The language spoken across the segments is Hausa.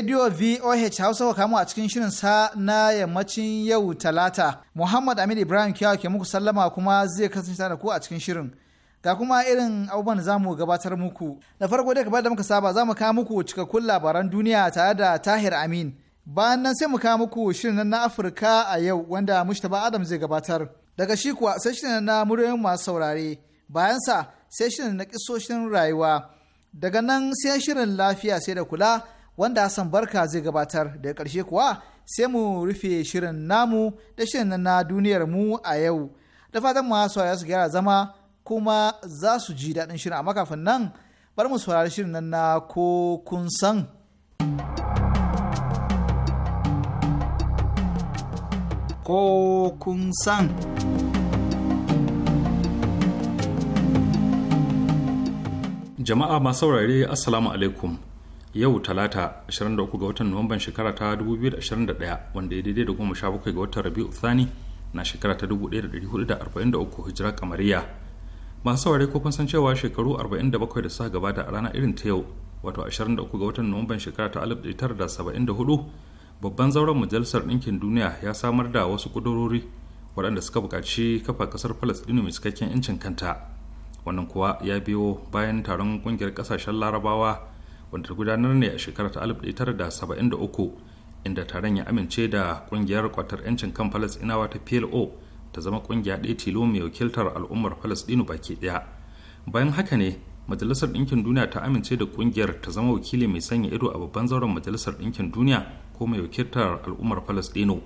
rediyo voh hausa ka kamu a cikin shirin sa na yammacin yau talata muhammad amin ibrahim kiyawa ke muku sallama kuma zai kasance da ku a cikin shirin ga kuma irin abubuwan da zamu gabatar muku da farko dai kamar da muka saba za kawo muku cikakkun labaran duniya tare da tahir amin bayan nan sai mu kawo muku shirin na afirka a yau wanda mustapha adam zai gabatar daga shi kuwa sai shirin na muryoyin masu saurare bayan sa sai shirin na kisoshin rayuwa daga nan sai shirin lafiya sai da kula wanda Hassan Barka zai gabatar da ƙarshe kuwa sai mu rufe shirin namu da shirin na duniyar mu a yau. Da fatan masu ya su gyara zama kuma za su ji daɗin shirin a makafin nan bar mu saurari shirin nan na ko kun san. Ko kun san. Jama'a masu saurare Assalamu alaikum. yau talata 23 ga watan nuwamban shekara ta 2021 wanda ya daidai da goma sha bakwai ga watan rabi'u thani na shekara ta 1443 hijira kamariya masu saurare ko kun san cewa shekaru 47 da suka gabata a rana irin ta yau wato 23 ga watan nuwamban shekara ta 1974 babban zauren majalisar ɗinkin duniya ya samar da wasu ƙudurori waɗanda suka buƙaci kafa ƙasar palestino mai cikakken incin kanta wannan kuwa ya biyo bayan taron ƙungiyar ƙasashen larabawa wanda ta gudanar ne a shekarar ta 1973 inda taron ya amince da kungiyar kwatar 'yancin kan falasɗinawa ta plo ta zama kungiya ɗaya tilo mai wakiltar al'ummar falasɗinu baki ɗaya bayan haka ne majalisar ɗinkin duniya ta amince da kungiyar ta zama wakili mai sanya ido a babban zauren majalisar ɗinkin duniya ko mai wakiltar al'ummar falasɗinu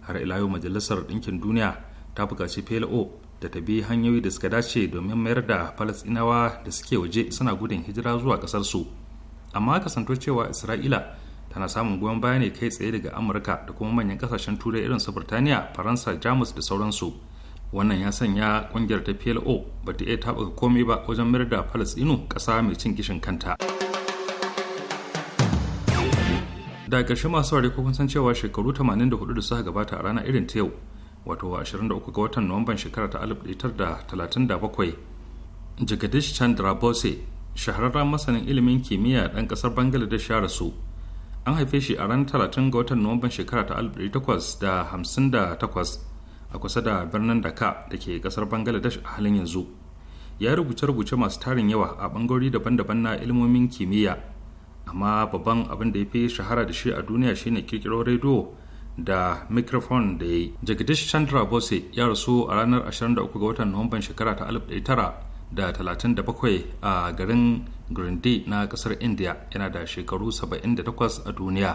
har ila yau majalisar ɗinkin duniya ta buƙaci plo da ta bi hanyoyi da suka dace domin mayar da falasɗinawa da suke waje suna gudun hijira zuwa ƙasarsu amma kasanto cewa isra'ila tana samun goyon baya ne kai tsaye daga amurka da kuma manyan kasashen turai irin su faransa jamus da sauransu wannan ya sanya kungiyar ta plo ba ta iya taɓa komai ba wajen mayar da falastinu ƙasa mai cin gishin kanta da ƙarshe masu ware kun san cewa shekaru 84 da suka gabata a rana irin ta yau wato 23 ga watan nuwamban shekara ta 1937 jagadish chandra bose shahararren masanin ilimin kimiyya ɗan ƙasar bangladesh ya rasu an haife shi a ranar talatin ga watan nuwamban shekara ta da da hamsin takwas, a kusa da birnin daka da ke ƙasar bangladesh a halin yanzu ya rubuce rubuce masu tarin yawa a bangarori daban-daban na ilmomin kimiyya amma babban abin da ya fi shahara da shi a duniya shine kirkiro rediyo da microphone da ya yi jagadish chandra bose ya rasu a ranar 23 ga watan nuwamban shekara ta alif da 37 a garin grindy na kasar India yana da shekaru 78 a duniya.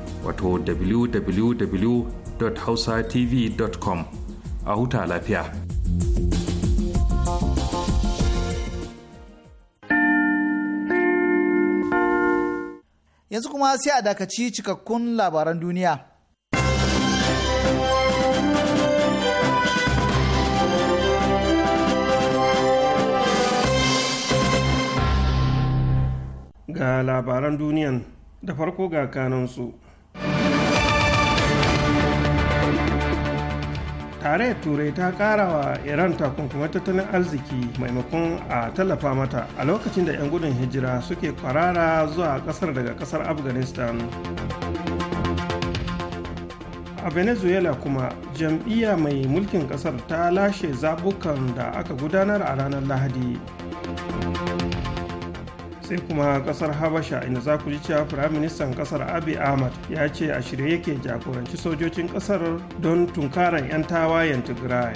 wato www.hausatv.com a huta lafiya. Yanzu kuma sai a dakaci cikakkun labaran duniya. Ga labaran duniyan da farko ga kanansu. tare turai ta ƙara wa iran takunkuma tattalin arziki maimakon a tallafa mata a lokacin da 'yan gudun hijira suke kwarara zuwa kasar daga kasar afghanistan a venezuela kuma jam'iyya mai mulkin kasar ta lashe zabukan da aka gudanar a ranar lahadi sai kuma kasar habasha inda za ku ji cewa firaministan kasar abi ahmad ya ce a shirye yake jagoranci sojojin kasar don tunkaran 'yan tawayen tigray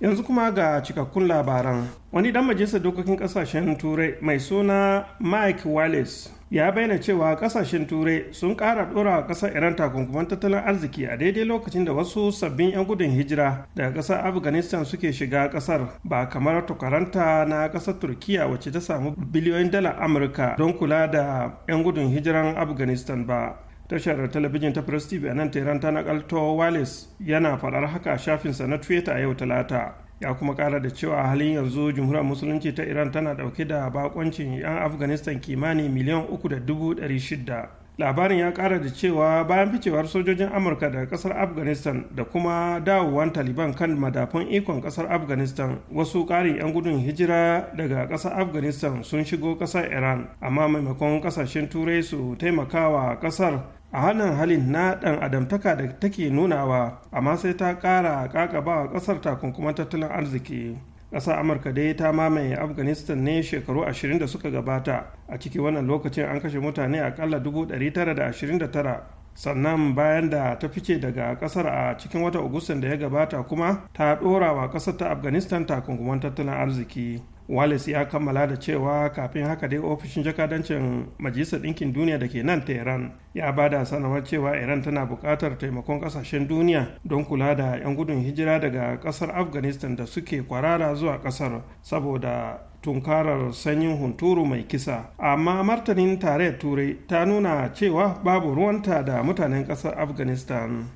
yanzu kuma ga cikakkun labaran wani dan majalisar dokokin kasashen turai mai suna mike wallace ya bayyana cewa kasashen turai sun kara dora kasar iran takunkuman tattalin arziki a daidai lokacin da wasu sabbin 'yan gudun hijira daga kasar afghanistan suke shiga kasar ba kamar tukaranta na kasar turkiya wacce ta samu biliyoyin dalar amurka don kula da 'yan gudun hijiran afghanistan ba tashar talabijin ta press tv a nan tehran ta nakalto wales yana faɗar haka shafinsa na twitter a yau talata ya kuma kara da cewa halin yanzu jamhuriyar musulunci ta iran tana dauke da bakoncin 'yan afghanistan kimanin miliyan uku da dubu shida labarin ya kara da cewa bayan ficewar sojojin amurka daga kasar afghanistan da kuma dawowan taliban kan madafun ikon kasar afghanistan wasu ƙarin 'yan gudun hijira daga kasar afghanistan sun shigo kasar iran amma maimakon kasashen turai su taimakawa kasar a hannun halin na ɗan adamtaka da take nunawa amma sai ta ƙara a ƙasar takunkuman tattalin arziki ƙasar amurka dai ta mamaye afghanistan ne shekaru 20 da suka gabata a ciki wannan lokacin an kashe mutane akalla 929 sannan bayan da ta fice daga ƙasar a cikin wata augustan da ya gabata kuma ta ɗora wa ƙasar ta afghanistan takunkuman tattalin arziki wallace ya kammala da cewa kafin haka dai ofishin jakadancin majalisar ɗinkin duniya da ke nan ta iran ya ba da sanarwar cewa iran tana buƙatar taimakon ƙasashen duniya don kula da 'yan gudun hijira daga ƙasar afghanistan da suke kwarara zuwa ƙasar saboda tunkarar sanyin hunturu mai kisa amma martanin tarayyar turai ta nuna cewa babu ruwanta da mutanen ƙasar afghanistan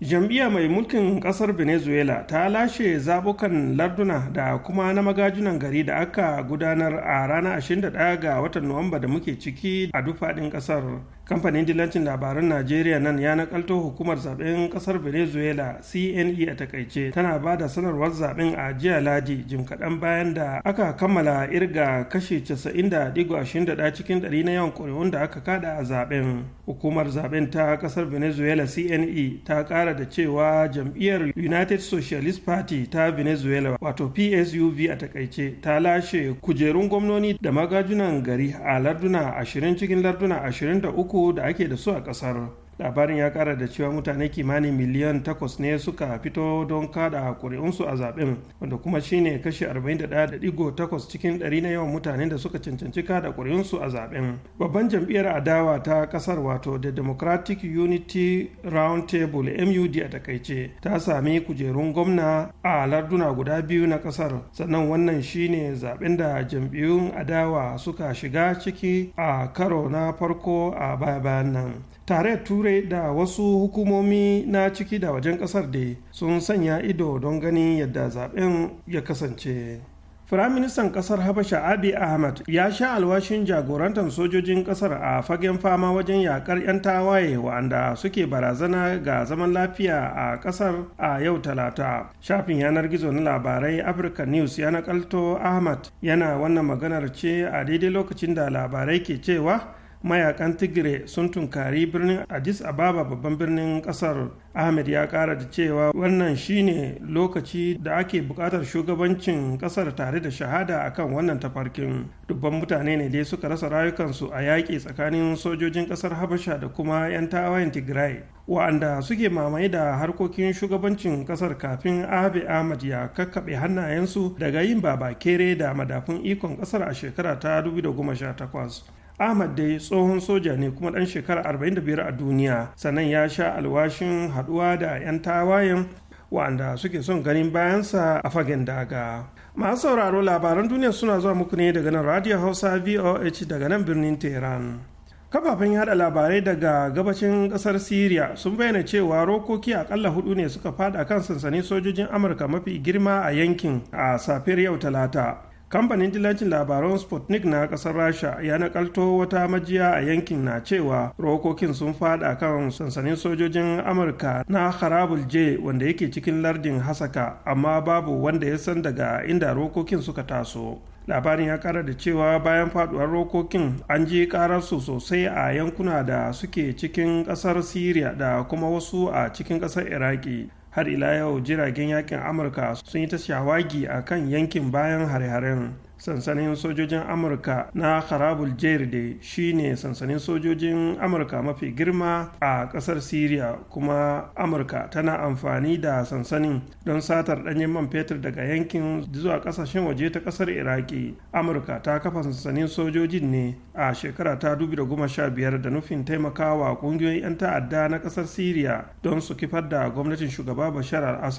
jam'iyya mai mulkin kasar venezuela ta lashe zabukan larduna da kuma na magajinan gari da aka gudanar a ranar 21 ga watan nuwamba da muke ciki a dufaɗin ƙasar kamfanin dillancin labaran najeriya nan ya nakalto hukumar zaben kasar venezuela cne a takaice tana ba da sanarwar zaben a jiya ladi jim kaɗan bayan da aka kammala irga kashe 90.21 cikin 100 na yawan ƙuri'un da aka kada a zaben hukumar zaben ta kasar venezuela cne ta ƙara da cewa jam'iyyar united socialist party ta venezuela wato psuv a takaice ta lashe kujerun gwamnoni da magajunan gari a larduna 20 cikin larduna 23 uku da ake da su a ƙasar labarin ya kara da cewa mutane kimanin miliyan takwas ne suka fito don kada kuri'unsu a zaben wanda kuma shine kashi 41.8 cikin 100 na yawan mutanen da suka cancanci kada kuri'unsu a zaben babban jam'iyyar adawa ta kasar wato the democratic unity round table mud a takaice ta sami kujerun gwamna a larduna guda biyu na kasar sannan wannan shine zaben da jam'iyyun adawa suka shiga ciki a karo na farko a baya-bayan nan tare turai da wasu hukumomi na ciki da wajen kasar da sun sanya ido don ganin yadda zaben ya kasance Firaministan ƙasar Habasha Abi Ahmad ya sha alwashin jagorantar sojojin ƙasar a fagen fama wajen yakar 'yan tawaye wa'anda suke barazana ga zaman lafiya a ƙasar a yau talata. Shafin yanar gizo na labarai Africa News ya nakalto Ahmad yana wannan maganar ce a daidai lokacin da labarai ke cewa mayakan tigre sun tunkari birnin addis ababa babban birnin kasar ahmed ya kara da cewa wannan shine lokaci da ake bukatar shugabancin kasar tare da shahada akan wannan tafarkin dubban mutane ne dai suka rasa rayukansu a yaƙi tsakanin sojojin kasar habasha da kuma 'yan tawayen tigray wa'anda suke mamaye da harkokin shugabancin kasar kafin abe ahmad ya kakkaɓe hannayensu daga yin babakere da madafun ikon kasar a shekara ta 2018 ahmad dai tsohon soja ne kuma ɗan shekara 45 a duniya sannan ya sha alwashin haɗuwa da 'yan tawayen wa'anda suke son ganin bayansa a fagen daga masu sauraro labaran duniya suna zuwa muku ne daga nan radio hausa voh daga nan birnin tehran kafafen yada labarai daga gabacin kasar syria sun bayyana cewa rokoki akalla hudu ne suka fada kan sansanin sojojin amurka mafi girma a yankin a safiyar yau talata kamfanin dillacin labaran sputnik na kasar rasha ya nakalto wata majiya a yankin na cewa rokokin sun fada kan sansanin sojojin amurka na harabul j wanda yake cikin lardin hasaka amma babu wanda ya san daga inda rokokin suka taso labarin ya kara da cewa bayan faduwar rokokin an ji kararsu sosai a yankuna da suke cikin kasar syria da kuma wasu a cikin kasar iraki har ila yau jiragen yakin amurka sun yi ta shawagi a kan yankin bayan hare-haren sansanin sojojin amurka na harabul shi shine sansanin sojojin amurka mafi girma a kasar syria kuma amurka tana amfani da sansanin don satar danyen man fetur daga yankin zuwa kasashen waje ta kasar iraki amurka ta kafa sansanin sojojin ne a shekara ta 2015 da nufin taimakawa kungiyoyin 'yan ta'adda na kasar syria don su kifar da gwamnatin shugaba bashar al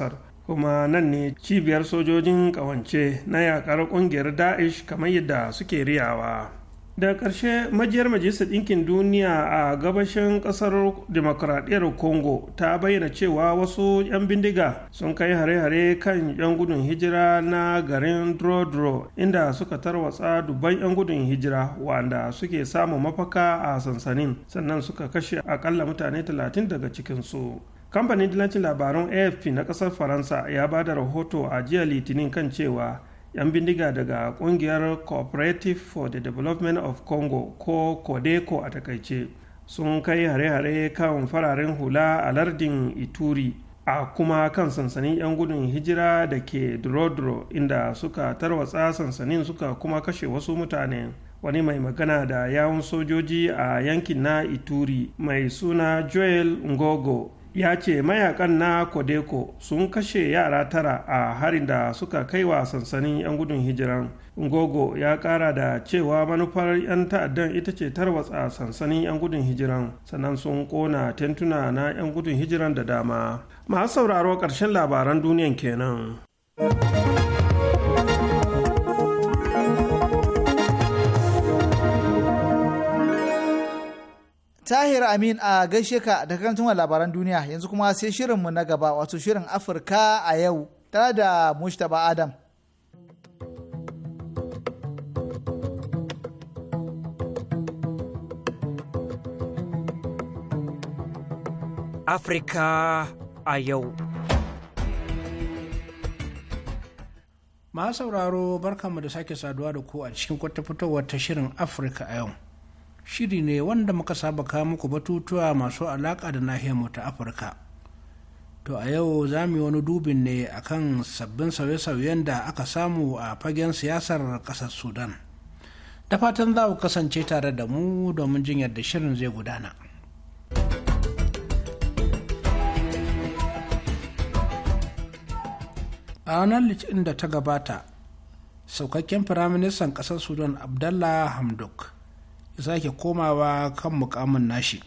kuma nan ne cibiyar sojojin ƙawance na yakar ƙungiyar daesh kamar yadda suke riyawa da ƙarshe majiyar majalisar ɗinkin duniya a gabashin ƙasar demokuraɗiyar congo ta bayyana cewa wasu 'yan bindiga sun kai hare-hare kan 'yan gudun hijira na garin drodro inda suka tarwatsa dubban 'yan gudun hijira wanda suke samun mafaka a sansanin sannan suka kashe akalla mutane 30 daga cikinsu kamfanin dillancin labaran afp na kasar faransa ya ba da rahoto a jiya litinin kan cewa 'yan bindiga daga kungiyar cooperative for the development of congo ko codeco a takaice sun kai hare-hare kan fararen hula a lardin ituri a kuma kan sansanin 'yan gudun hijira da ke drodro inda suka tarwatsa sansanin suka kuma kashe wasu mutane wani mai magana da yawun sojoji a yankin na ituri mai suna joel ngogo ya ce mayakan na kodeko sun kashe yara tara a harin da suka kai wa sansanin 'yan gudun hijiran ngogo ya kara da cewa manufar 'yan ta'addan ita ce tarwatsa sansanin 'yan gudun hijiran sannan sun kona tentuna na 'yan gudun hijiran da dama masu sauraro karshen labaran duniyan kenan. Tahir Amin a gaishe ka da karantun labaran duniya yanzu kuma sai shirinmu na gaba wato shirin Afirka a yau tare da Mustapha Adam. Afirka a yau. Ma sauraro barkanmu da sake saduwa da ku a cikin kwata fitowar ta shirin Afirka a yau. shiri ne wanda muka saba kawo muku batutuwa masu alaƙa da nahiyarmu ta afirka to a yau za mu yi wani dubin ne akan sabbin sauye-sauyen da aka samu a fagen siyasar ƙasar sudan da fatan za ku kasance tare da mu domin jin yadda shirin zai gudana. a ranar litinin da ta gabata saukakken firaministan ƙasar sudan abdallah hamduk. sake komawa kan mukamin nashi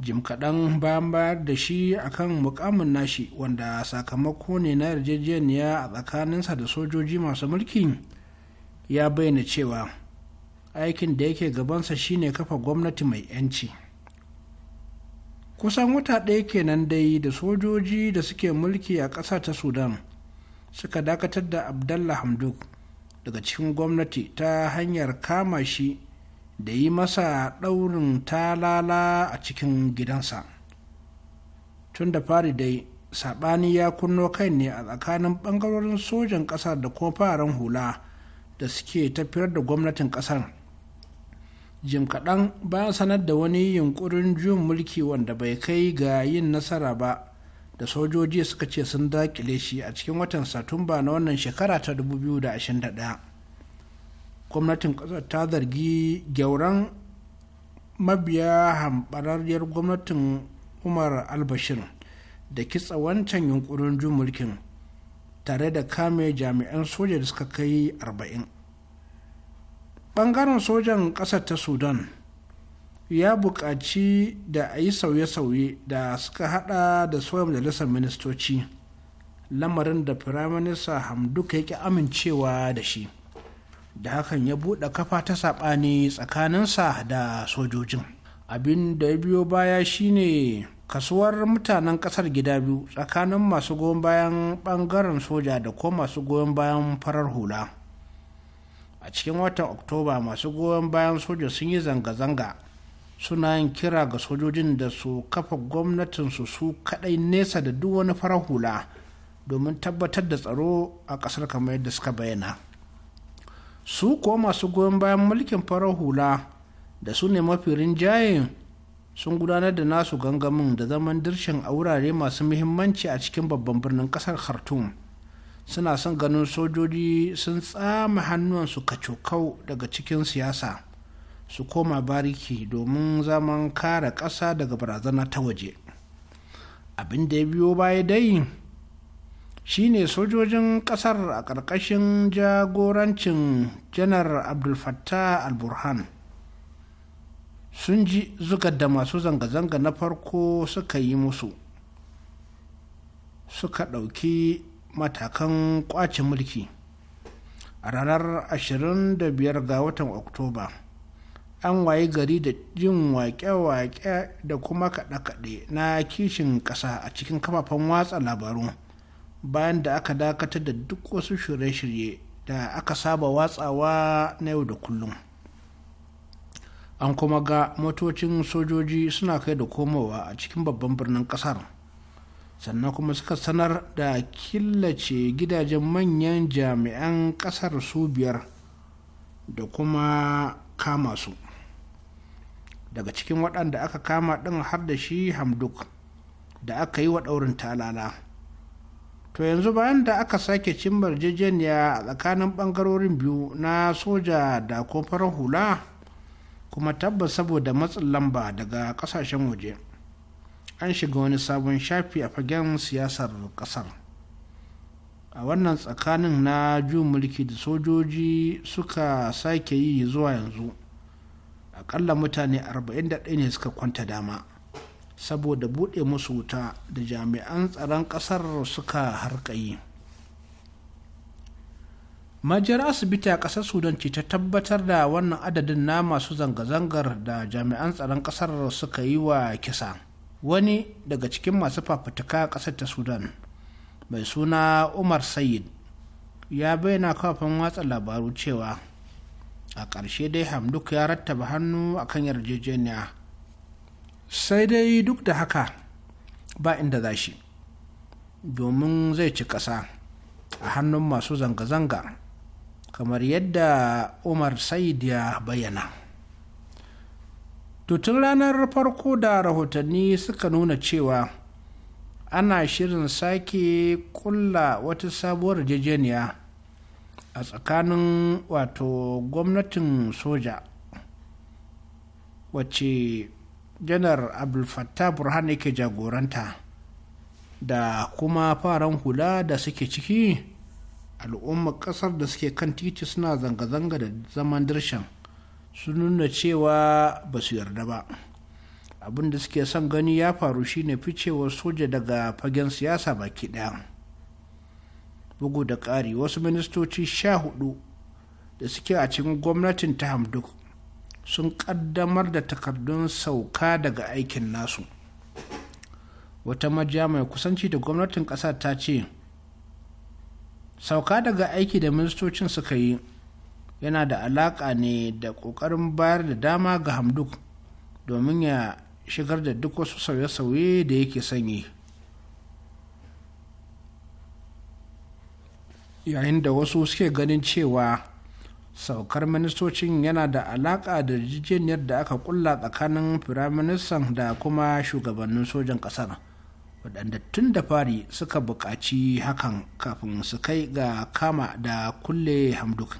jim kaɗan bayan bayar da shi akan mukamin nashi wanda sakamako ne na yarjejeniya a tsakaninsa da sojoji masu mulki ya bayyana cewa aikin da yake gabansa shine kafa gwamnati mai 'yanci kusan wata ɗaya kenan dai da sojoji da suke mulki a ƙasa ta sudan suka dakatar da abdallah hamduk daga cikin gwamnati ta hanyar kama shi da yi masa ɗaurin talala a cikin gidansa tun da fari dai saɓani ya kunno kai ne a tsakanin ɓangarorin sojan ƙasa da kuma fararen hula da suke tafiyar da gwamnatin ƙasar jim kaɗan bayan sanar da wani yunkurin juyin mulki wanda bai kai ga yin nasara ba da sojoji suka ce sun dakile shi a cikin watan satumba na wannan shekara ta 2021 gwamnatin kasar ta zargi gyauran mabiya hambararriyar gwamnatin umar albashir da kitsa wancan yunkurin jun mulkin tare da kame jami'an soja da suka kai 40 ɓangaren sojan ƙasar ta sudan ya buƙaci da a yi sauye-sauye da suka hada da soya majalisar ministoci lamarin da firaminista hamdu ka yake amincewa da shi da hakan ya buɗe kafa ta saɓani tsakaninsa da sojojin abin da ya biyo baya shine kasuwar mutanen ƙasar gida biyu tsakanin masu goyon bayan ɓangaren soja da ko masu goyon bayan farar hula a cikin watan oktoba masu goyon bayan soja sun yi zanga-zanga suna yin kira ga sojojin da su kafa gwamnatinsu su kaɗai nesa da duk wani farar hula domin tabbatar da tsaro a ƙasar kamar yadda suka bayyana. su kuwa masu goyon bayan mulkin farar hula da su ne mafi rinjaye sun gudanar da nasu gangamin da zaman dirshin a wurare masu muhimmanci a cikin babban birnin kasar khartoum suna son ganin sojoji sun tsama hannuwansu kacokau daga cikin siyasa su koma bariki domin zaman kare ƙasa daga barazana ta waje abin da ya biyo baya dai shine sojojin kasar a ƙarƙashin jagorancin janar abdulfattah al-burhan sun ji zugar da masu zanga-zanga na farko suka yi musu suka ɗauki matakan ƙwace mulki a ranar 25 ga watan oktoba an waye gari da jin waƙe-waƙe da kuma kaɗe-kaɗe na kishin ƙasa a cikin kafafen watsa labaru bayan da aka dakatar da duk wasu shirye-shirye da aka saba watsawa na yau da kullum an kuma ga motocin sojoji suna kai da komowa a cikin babban birnin kasar sannan kuma suka sanar da killace gidajen manyan jami'an kasar su biyar da kuma kama su daga cikin waɗanda aka kama ɗin har da shi hamduk da aka yi wa ɗaurin talala to yanzu bayan da aka sake cin barjejeniya a tsakanin bangarorin biyu na soja da kofar hula kuma tabbas saboda matsin lamba daga kasashen waje an shiga wani sabon shafi a fagen siyasar kasar a wannan tsakanin na juyin mulki da sojoji suka sake yi zuwa yanzu akalla mutane 41 ne suka kwanta dama saboda buɗe musu wuta da jami'an tsaron ƙasar suka harkayi majiyar asibiti a ƙasar sudan ce ta tabbatar da wannan adadin na masu zanga-zangar da jami'an tsaron ƙasar suka yi wa kisa wani daga cikin masu fafutuka a ƙasar ta sudan mai suna umar sayid ya bayyana kafin watsa labaru cewa a ƙarshe dai hamduk ya rattaba hannu akan yarjejeniya sai dai duk da haka ba inda za shi domin zai ci ƙasa a hannun masu zanga-zanga kamar yadda umar said ya bayyana tutun ranar farko da rahotanni suka nuna cewa ana shirin sake kulla wata sabuwar jejeniya a tsakanin wato gwamnatin soja wacce janar abulfatta burhan ke jagoranta da kuma faran hula da suke ciki al'ummar kasar da suke kan titi suna zanga-zanga da zaman dirshan su nuna cewa ba su yarda ba abin da suke son gani ya faru shine ficewar soja daga fagen siyasa baki daya bugu da ƙari wasu ministoci sha hudu da suke a cikin gwamnatin ta hamduk sun kaddamar da takardun sauka daga aikin nasu wata maja mai kusanci da gwamnatin ƙasa ta ce sauka daga aiki da ministocin suka yi yana da alaƙa ne da ƙoƙarin bayar da dama ga hamduk domin ya shigar da duk wasu sauye-sauye da yake sanyi yayin da wasu suke ganin cewa saukar ministocin yana da alaƙa da jijiyar da aka kulla tsakanin firaministan da kuma shugabannin sojan ƙasar waɗanda tun da fari suka buƙaci hakan kafin su kai ga kama da kulle hamduk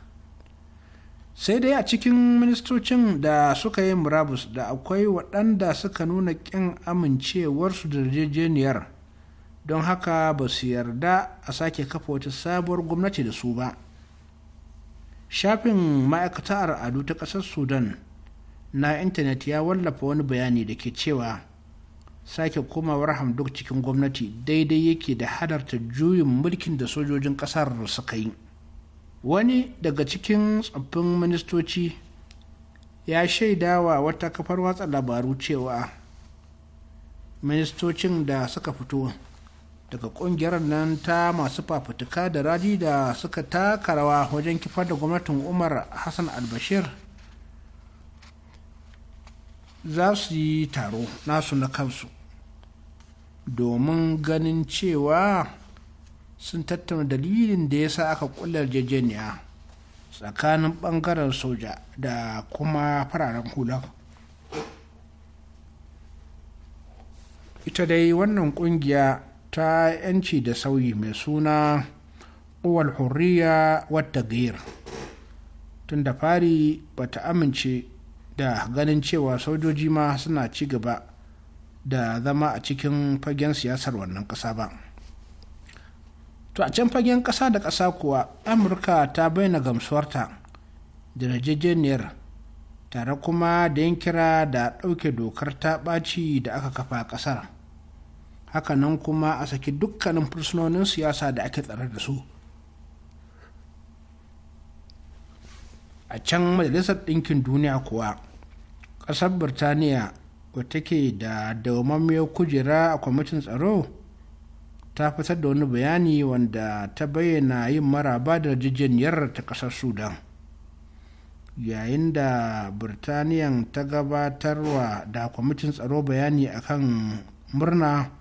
sai dai a cikin ministocin da suka yi murabus da akwai waɗanda suka nuna ƙin amincewarsu da yarjejeniyar don haka ba su yarda a sake kafa wata sabuwar gwamnati da su ba. shafin a al'adu ta ƙasar sudan na intanet ya wallafa wani bayani da ke cewa sake komawar hamduk cikin gwamnati daidai yake da hadarta juyin mulkin da sojojin kasar suka yi wani daga cikin tsoffin ministoci ya shaida wa wata kafar watsa labaru cewa ministocin da suka fito daga kungiyar nan ta masu fafutuka da radi da suka taka rawa wajen kifar da gwamnatin umar hassan albashir za su yi taro nasu na kansu domin ganin cewa sun tattauna dalilin da ya sa aka kullar jejeniya tsakanin bangaren soja da kuma fararen hula ita dai wannan kungiya ta 'yanci da sauyi mai suna uwal hurriya wata gair tun da fari ba ta amince da ganin cewa sojoji ma suna ci gaba da zama a cikin fagen siyasar wannan ƙasa ba to a can fagen ƙasa da ƙasa kuwa amurka ta bayyana gamsuwarta da tare kuma da yin kira da ɗauke dokar ta ɓaci da aka kafa ƙasar hakanan kuma a saki dukkanin fursunonin siyasa da ake tsare da su a can majalisar ɗinkin duniya kuwa ƙasar birtaniya wata ke da dawamammiyar kujera a kwamitin tsaro ta fitar da wani bayani wanda ta bayyana yin maraba da jijiyar ta ƙasar sudan yayin da birtaniyan ta gabatarwa da kwamitin tsaro bayani akan murna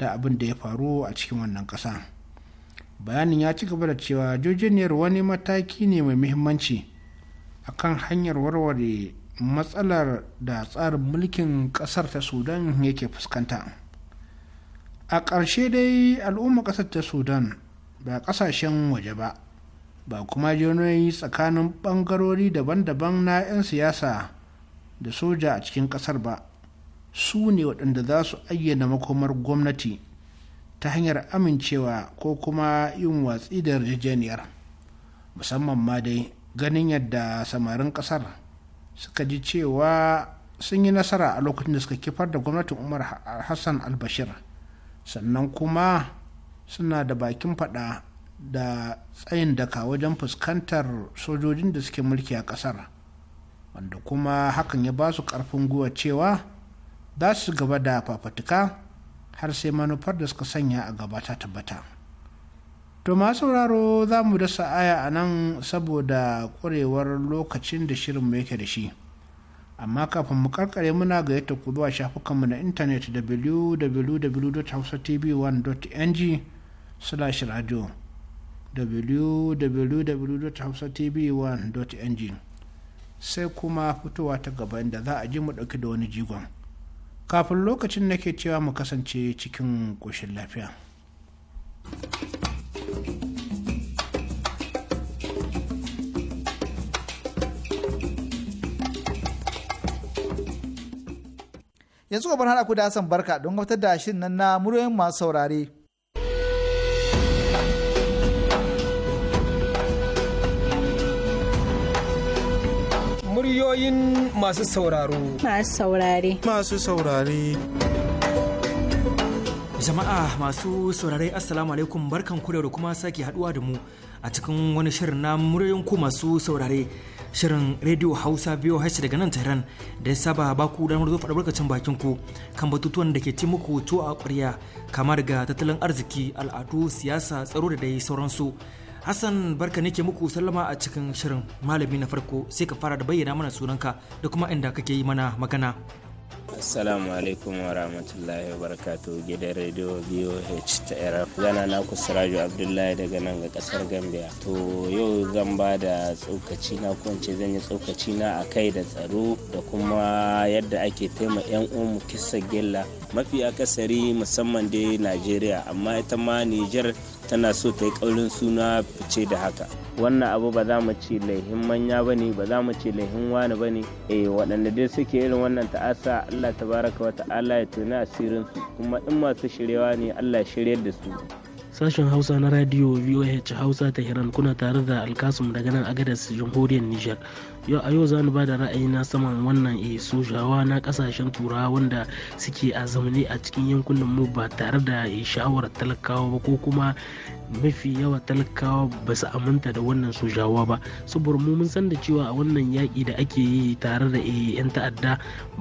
da abin da ya faru a cikin wannan ƙasa bayanin ya ci gaba da cewa jojiniyar wani mataki ne mai muhimmanci a kan hanyar warware matsalar da tsarin mulkin ƙasar ta sudan yake fuskanta a ƙarshe dai al'umma ƙasar ta sudan ba ƙasashen waje ba ba kuma jinoyi tsakanin ɓangarori daban-daban na 'yan siyasa da soja a cikin ƙasar ba su ne waɗanda za su ayyana makomar gwamnati ta hanyar amincewa ko kuma yin watsi da yarjejeniyar musamman ma dai ganin yadda samarin ƙasar suka ji cewa sun yi nasara a lokacin da suka kifar da gwamnatin umar hassan albashir sannan kuma suna da bakin faɗa da tsayin daka wajen fuskantar sojojin da suke mulki a ƙasar wanda kuma hakan ya ba su ƙarfin guwa cewa za su gaba da fafatuka har sai manufar da suka sanya a gaba ta tabbata to ma sauraro za mu dasa aya a nan saboda ƙwarewar lokacin da shirin mu yake da shi amma kafin mu karkare muna ga yadda ku zuwa shafukanmu na intanet www.hausatv1.ng slash radio www.hausatv1.ng sai kuma fitowa ta gaba inda za a ji mu ɗauki da wani jigon kafin lokacin ke cewa mu kasance cikin ƙoshin lafiya. yanzu gaban hana ku da Hassan Barka don gabatar da shirin nan na muryoyin masu saurare. ra'ayoyin masu sauraro. Masu saurare. Masu saurare. Jama'a masu saurare Assalamu alaikum barkan ku da kuma sake haduwa da mu a cikin wani shirin na muryoyin ku masu saurare. Shirin Radio Hausa biyo hashi daga nan Tehran da ya saba baku ku damar zo faɗa barkacin bakin ku kan batutuwan da ke ci muku tuwo a ƙwarya kamar ga tattalin arziki, al'adu, siyasa, tsaro da dai sauransu. Hassan barka nake muku sallama a cikin shirin malami na farko sai ka fara da bayyana mana sunanka da kuma inda kake yi mana magana. Assalamu alaikum wa rahmatullahi wa gidan rediyo BOH ta Iraq. Zana na ku Siraju Abdullahi daga nan ga kasar Gambia. To yau zan ba da tsokaci na kwance zan yi tsokaci na a kai da tsaro da kuma yadda ake taima yan umu kisa gilla. Mafi akasari musamman dai Najeriya amma ita ma Nijar tana so ta yi ƙaurin suna fice da haka wannan abu ba za mu ce laihin manya ba ne ba za mu ce laihin wani ba ne eh waɗanda dai suke irin wannan ta'asa allah ta baraka wa ta'ala ya tuni asirin su kuma in masu shirewa ne allah shiryar da su sashen hausa na radio voh hausa ta hiran kuna tare da alkasum daga nan agadas jamhuriyar nijar yau a yau za da ra'ayi ra'ayina saman wannan eh sojawa na kasashen turawa wanda suke a zamane a cikin yankunan mu ba tare da eh, sha'awar talakawa ba ko kuma mafi yawa talakawa ba su aminta da wannan sojawa ba saboda mu mun san da cewa a wannan yaƙi da ake yi tare da 'yan eh, ta'adda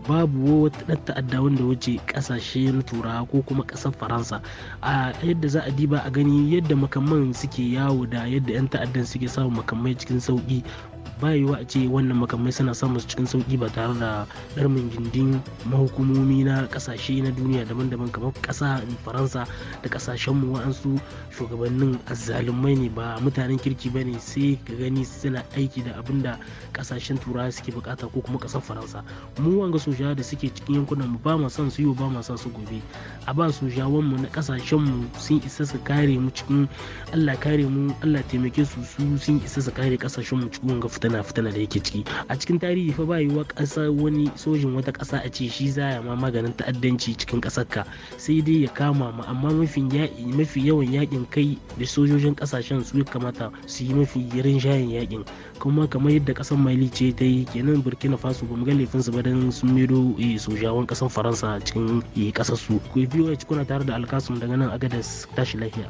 babu wata ɗan ta'adda wanda wuce kasashen turawa ko kuma ƙasar faransa a yadda za a diba a gani yadda makamman suke yawo da yadda 'yan ta'addan suke samun makamai cikin sauki ba yiwuwa a ce wannan makamai suna samun cikin sauki ba tare da ɗarmin gindin mahukumomi na ƙasashe na duniya daban-daban kamar ƙasa faransa da ƙasashenmu wa'ansu shugabannin azzalumai ne ba mutanen kirki ba ne sai ka gani suna aiki da abin da ƙasashen turawa suke bukata ko kuma ƙasar faransa mu wanga soja da suke cikin yankunan mu ba ma son su yi ba ma son su gobe a ba sojawan mu na ƙasashen mu sun isa su kare mu cikin Allah kare mu Allah taimake su su sun isa su kare ƙasashen mu cikin wanga fitar tana da yake ciki a cikin tarihi fa ba wa ƙasa wani sojin wata kasa a ce shi za ya ma maganin ta'addanci cikin ƙasar ka sai dai ya kama ma amma mafi yawan yakin kai da sojojin ƙasashen su kamata su yi mafi shayin yakin kuma kamar yadda ƙasar mali ce ta yi kenan burkina faso ba mu ga laifinsu ba dan sun mero eh, sojawan ƙasar faransa cikin eh, ƙasar su ku biyo kuna tare da alkasum daga nan agadas tashi lafiya.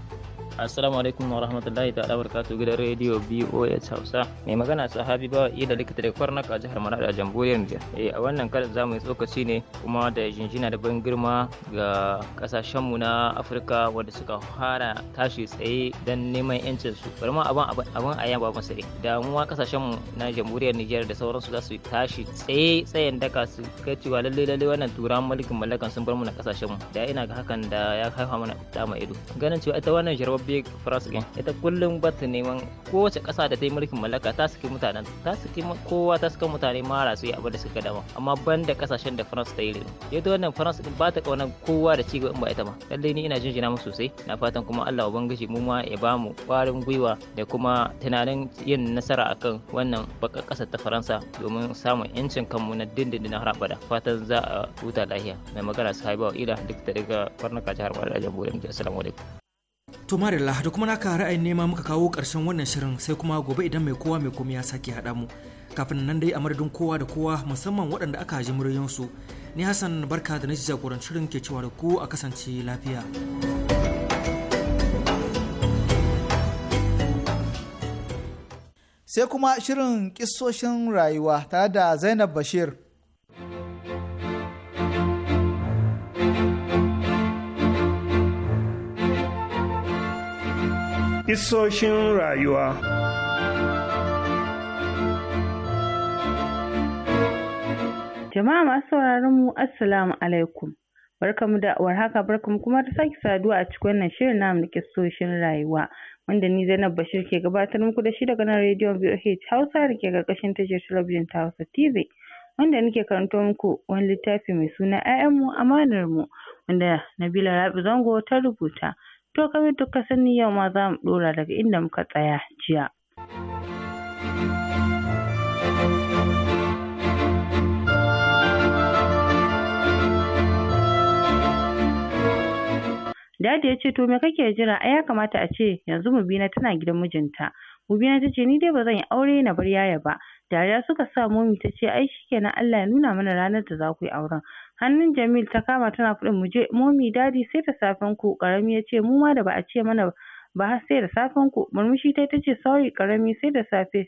assalamu alaikum wa rahmatullahi ta'ala barakatuh gidan rediyo boh hausa mai magana sahabi ba ila likita da kwarnak a jihar maradi a jamhuriyar Niger. eh a wannan kalar zamu yi tsokaci ne kuma da jinjina da ban girma ga kasashenmu na afirka wanda suka fara tashi tsaye don neman yancin su bari ma abin abin a yaba ba sai. da mu ma kasashenmu na jamhuriyar nijar da sauransu za su tashi tsaye tsayen daka su kai cewa lalle lalle wannan turan mulkin mallakan sun bar mu na kasashenmu da ina ga hakan da ya haifa mana da ido ganin cewa ita wannan jarabar big frosting ita kullum ba ta neman kowace ƙasa da ta yi mulkin mallaka ta saki mutanen ta saki kowa ta saka mutane mara su yi abu da suka dama amma ban da ƙasashen da france ta yi rinu ta wannan france ba ta ƙaunar kowa da ba ita ma lallai ni ina jinjina musu sosai na fatan kuma allah ubangiji mu ma ya ba mu ƙwarin gwiwa da kuma tunanin yin nasara akan wannan baka ƙasar ta faransa domin samun yancin kanmu na dindindin har abada fatan za a huta lahiya mai magana su haibawa ila duk da daga farnaka jihar Mara jamhuriyar jamhuriyar Assalamu alaikum. To Marilla da kuma naka ra'ayin nema muka kawo ƙarshen wannan shirin sai kuma gobe idan mai kowa mai komai ya sake haɗa mu. Kafin nan dai a madadin kowa da kowa musamman waɗanda aka ji muryoyinsu. Ni Hassan barka da na jagoran shirin ke cewa da ku a kasance lafiya. Sai kuma shirin kisoshin rayuwa tare da Zainab Bashir. Isoshin rayuwa Jama'a masu sauraron mu Assalamu alaikum. Barkamu da warhaka barkamu kuma da sake saduwa a cikin wannan shirin namu na kisoshin rayuwa wanda ni Zainab Bashir ke gabatar muku da shi daga nan rediyon VOH Hausa da ke karkashin tashar talabijin ta Hausa TV wanda nake karanto muku wani littafi mai suna 'ya'yanmu amanar mu wanda Nabila Rabi Zango ta rubuta. To kamar duka sani yau ma za mu ɗora daga inda muka tsaya jiya. Dadi ya ce to me kake jira A ya kamata a ce yanzu Mubina tana gidan mijinta. Mubina ta ce ni dai ba zan yi aure na bar yaya ba. Dariya suka sa momi ta ce ai shikenan Allah ya nuna mana ranar da za ku yi auren. hannun Jamil ta kama tana faɗin mu je momi dadi sai da safen ku karami ya ce mu ma da ba a ce mana ba har sai da safen ku murmushi ta ce sorry karami sai da safe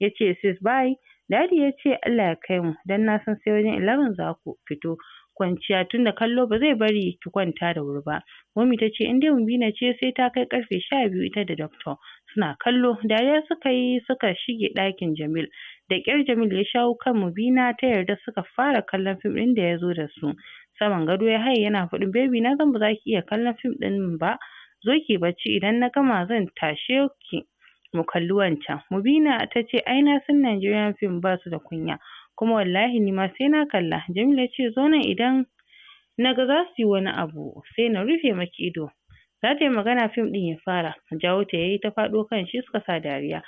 ya ce sis bye dadi ya ce Allah ya kai mu dan na san sai wajen 11 za ku fito kwanciya tun da kallo ba zai bari ki kwanta da wuri ba momi ta ce in dai na ce sai ta kai karfe sha biyu ita da doctor suna kallo dariya suka yi suka shige ɗakin Jamil da ƙyar Jamil ya shawo kan Mubina ta yarda suka fara kallon fim ɗin da ya zo da su. Saman gado ya haye yana faɗin baby na zan ba za ki iya kallon fim ɗin ba, zo ki bacci idan na gama zan tashe ki mu kalli wancan. Mubina ta ce ai na san Nigerian film ba su da kunya, kuma wallahi ni ma sai na kalla. Jamilu ya ce zo nan idan na ga za yi wani abu sai na rufe maki ido. Za ta yi magana fim ɗin ya fara, jawo ta yayi ta faɗo kan shi suka sa dariya.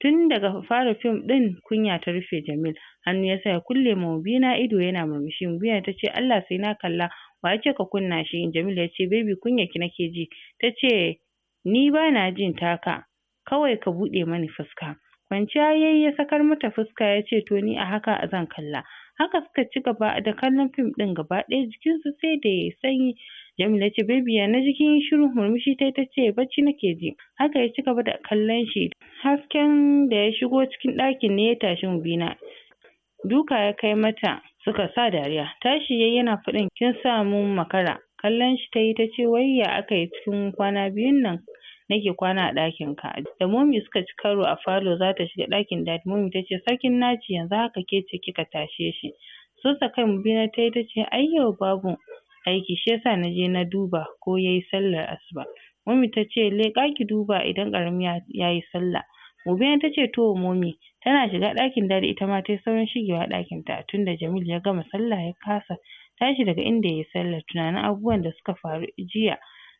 Tun daga fara fim ɗin kunya ta rufe Jamil, hannu ya ya kulle ma na ido yana murmushi. Mubina ta ce Allah sai na kalla, wa yake ka kunna shi? Jamil ya ce baby ki nake ji. Ta ce ni ba na jin taka, kawai ka buɗe mani fuska. kwanciya yayi ya sakar mata fuska ya ce to ni a haka zan kalla haka suka ci gaba da kallon fim ɗin gaba ɗaya jikinsu sai da yayi sanyi Jamila ce baby ya na jikin shiru murmushi ta ta ce bacci nake ji haka ya ci gaba da kallon shi hasken da ya shigo cikin ɗakin ne ya tashi mubina duka ya kai mata suka sa dariya tashi yayi yana faɗin kin sa mu makara kallon shi ta yi ta ce wai ya aka yi cikin kwana biyun nan nake kwana a ɗakin ka da momi suka ci karo a falo za ta shiga ɗakin dad momi ta ce sarkin naci yanzu haka ke ce kika tashe shi sosa kai mu ta yi ta ce ai yau babu aiki shi yasa na je na duba ko yayi sallar asuba momi ta ce leƙa ki duba idan ƙarami ya yi sallah mubina ta ce to momi tana shiga ɗakin dadi ita ma tayi saurin shigewa ɗakin ta tunda Jamil ya gama sallah ya kasa tashi daga inda yayi sallah tunanin abubuwan da suka faru jiya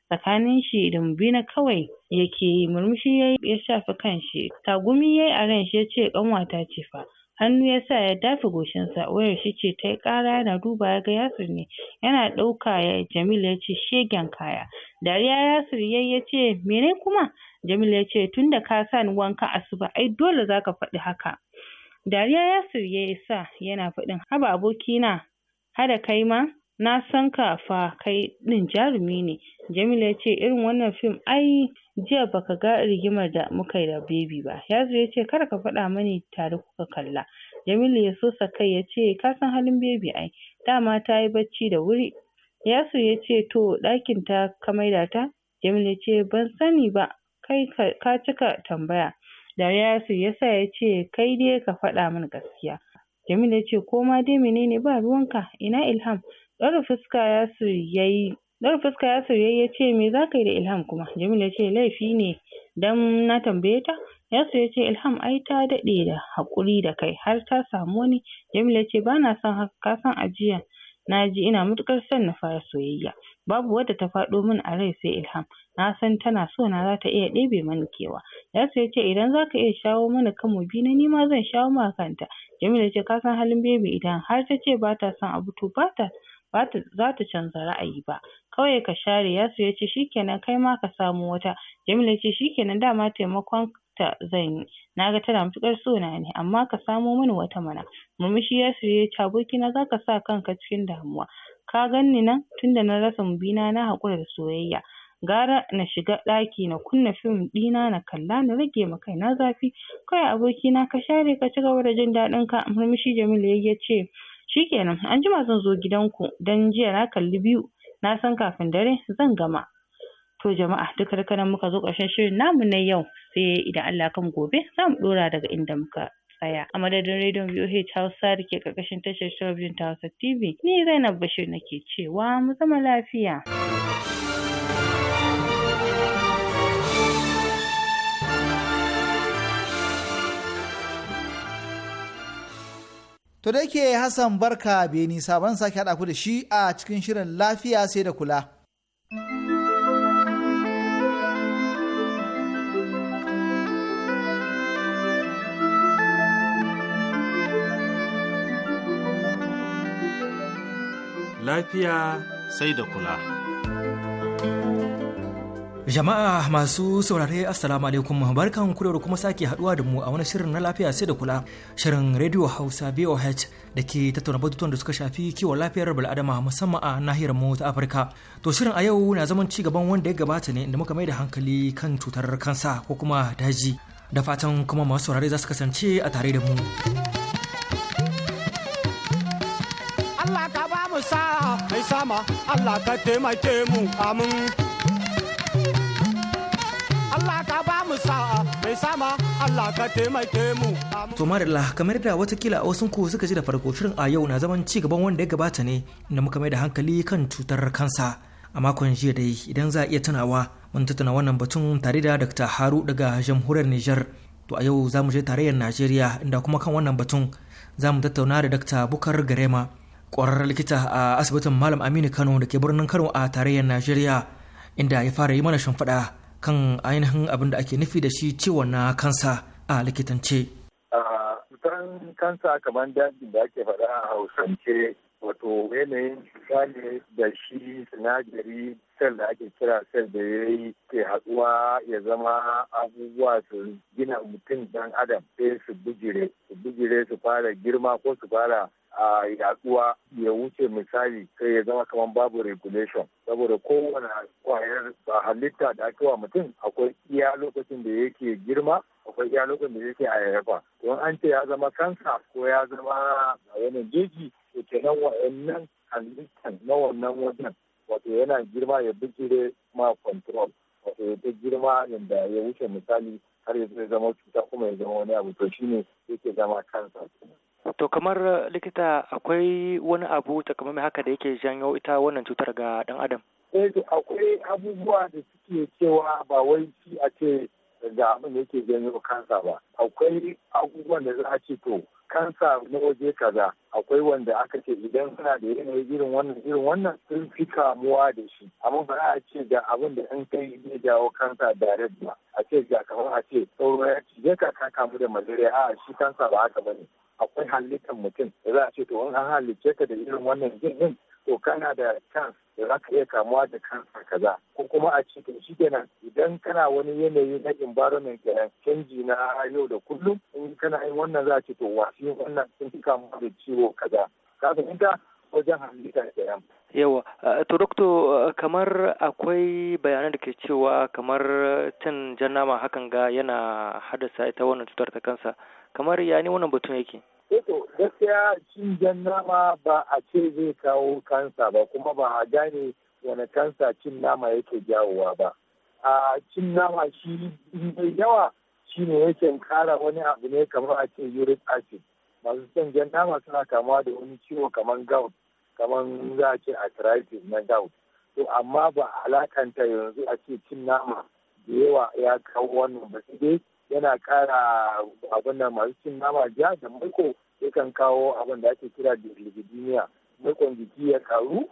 tsakanin shi da Mubina kawai yake yi murmushi ya ya shafi shi tagumi yayi a shi yace kanwata ce fa hannu ya sa ya dafe goshinsa wayar shi ce tayi ƙara yana dubawa ga Yasir ne yana ɗauka Jamil yace shegen kaya dariya Yasir yayi yace mene kuma Jamil yace tunda ka sa ni wankan asuba ai dole zaka faɗi haka dariya Yasir yayi sa yana faɗin haba abokina hada kai ma na san ka fa kai ɗin jarumi ne Jamila ya ce irin wannan fim ai jiya baka ga rigimar da muka yi da baby ba Yazid ya ce kar ka faɗa mani tare kuka kalla Jamilu ya sosa kai ya ce ka san halin baby ai dama ta yi bacci da wuri Yasir ya ce to ɗakin ta ka maida ta Jamilu ya ce ban sani ba kai ka cika tambaya da Yasir ya sa ya ce kai dai ka faɗa min gaskiya Jamilu ya ce ko ma dai menene ba ruwanka ina Ilham ɗaura fuska ya yayi ɗaura fuska Yasir yayi zaka yi da Ilham kuma ya ce laifi ne dan na tambaye ta Yasir ce Ilham ai ta daɗe da haƙuri da kai har ta samu wani ce ba na son haka ka san a jiya ji ina matuƙar son na fara soyayya babu wadda ta faɗo min a rai sai Ilham na san tana so na ta iya ɗebe mani kewa Yasir ce idan za ka iya shawo mana kan mu biyu na nima zan shawo ma kanta ya ce ka san halin bebe idan har ta ce ba ta son abu to ta. zata canza ra'ayi ba kawai ka share Yasir yace shikenan kaima ka samo wata Jamila yace shikenan dama taimakon ta zanyi naga tana matuƙar sona ne amma ka samo mini wata mana murmushi Yasir yace abokina zaka sa kanka cikin damuwa ka ganni nan tunda na rasa mubina na haƙura da soyayya gara na shiga ɗaki na kunna fim ɗina na kalla na rage ma kaina zafi kawai abokina ka share ka cigaba da jin daɗin ka murmushi Jamilu yayi yace shikenan anjima zan zo gidanku dan jiya na kalli biyu na san kafin dare zan gama to jama'a duka duka muka zo ƙarshen shirin namu na yau sai idan Allah kan gobe za mu ɗora daga inda muka tsaya a madadin rediyon VOH Hausa da ke ƙarƙashin tashar talabijin ta Hausa TV ni Zainab Bashir nake cewa mu zama lafiya. To da yake Hassan Barka Beni sabon sake haɗa ku da shi a cikin shirin lafiya sai da kula. Lafiya sai da kula. Jama'a masu saurare Assalamu alaikum barkan ku da kuma sake haduwa da mu a wani shirin na lafiya sai da kula shirin Radio Hausa BOH da ke tattauna batutuwan da suka shafi kiwon lafiyar bil'adama musamman a nahiyar mu ta Afirka. To shirin a yau na zaman ci gaban wanda ya gabata ne inda muka mai da hankali kan cutar kansa ko kuma daji. Da fatan kuma masu saurare za su kasance a tare da mu. Allah ka ba mu sa mai sama Allah ka taimake mu amin. mu sa'a mai sama Allah ka taimake mu. To Marilla kamar da watakila a wasu ku suka ji da farko shirin a yau na zaman ci gaban wanda ya gabata ne na muka mai da hankali kan cutar kansa. A makon jiya dai idan za a iya tunawa mun tattauna wannan batun tare da Dr. Haru daga jamhuriyar Nijar. To a yau za mu je tarayyar Najeriya inda kuma kan wannan batun za mu tattauna da Dr. Bukar Garema. Ƙwararren likita a asibitin Malam Aminu Kano da ke birnin Kano a tarayyar Najeriya inda ya fara yi mana shimfiɗa kan ainihin abin da ake nufi da shi ciwon na kansa a likitance. Cutar kansa kamar dajin da ake faɗa a hausance wato yanayin cuta ne da shi sinadari sel da ake kira sel da ya yi ke haɗuwa ya zama abubuwa su gina mutum dan adam sai su su bijire su fara girma ko su fara a yaduwa ya wuce misali sai ya zama kamar babu regulation saboda kowane kwayar halitta da ake wa mutum akwai iya lokacin da yake girma akwai iya lokacin da yake a yayyafa don an ce ya zama kansa ko ya zama wani jeji to kenan wa'annan halittan na wannan wajen wato yana girma ya bijire ma control wato ya girma yadda ya wuce misali har ya zama cuta kuma ya zama wani abu to shine yake zama kansa kenan To kamar eh, likita akwai wani abu takamaimai haka da yake janyo ita wannan cutar ga ɗan adam? Eh akwai abubuwa da suke cewa ba wai shi a ce ga abin da yake janyo kansa ba. Akwai abubuwan da za a ce to kansa na waje kaza akwai wanda aka ce idan suna da yanayi irin wannan irin wannan sun fi kamuwa da shi amma ba a ce ga abin da in kai zai jawo kansa direct ba a ce ga kamar a ce sauro ya ce ka kamu da malaria a shi kansa ba haka ba ne. akwai halittar mutum da za a ce to an halicce ka da irin wannan jin to kana da chance da za ka iya kamuwa da kansa kaza ko kuma a ce shi kenan idan kana wani yanayi na environment kenan canji na yau da kullum in kana yin wannan za a ce to wasu wannan sun fi kamuwa da ciwo kaza ka fahimta wajen halitta kenan yawa eh, to doctor eh, kamar akwai bayanan da ke cewa kamar cin jan nama hakan ga yana haddasa ita wannan cutar ta kansa kamar ya ni wannan batun yake Eto eh gaskiya cin jan nama ba a ce zai kawo kansa ba kuma ba a gane wani kansa cin nama yake jawowa ba a cin nama shi mai yawa shi ne yake kara wani abu ne kamar a ce uric acid masu cin jan nama suna kamuwa da wani ciwo kamar gout kamar za a ce arthritis na gout to amma ba alakanta yanzu a ce cin nama da yawa ya kawo wannan ba sai yana kara abin da masu cin nama jiya, da maiko yakan kawo abin da ake kira da lipidemia maikon jiki ya karu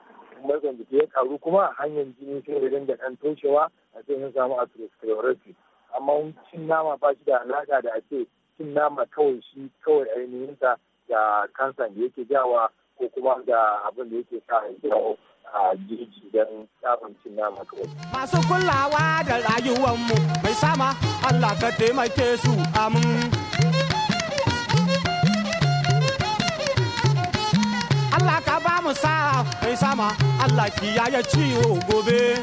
maikon jiki ya karu kuma hanyar jini sai da dinga ɗan toshewa a sai sun samu atherosclerosis amma cin nama ba shi da alaƙa da ake cin nama kawai shi kawai ainihinsa da kansa da yake jawa ko kuma da abin da yake sa ya jawo a jeji don cin nama kawai. Masu kulawa da rayuwanmu mai sama Allah ka taimake su amin. Allah ka ba mu sa mai sama Allah kiyaye ciwo gobe.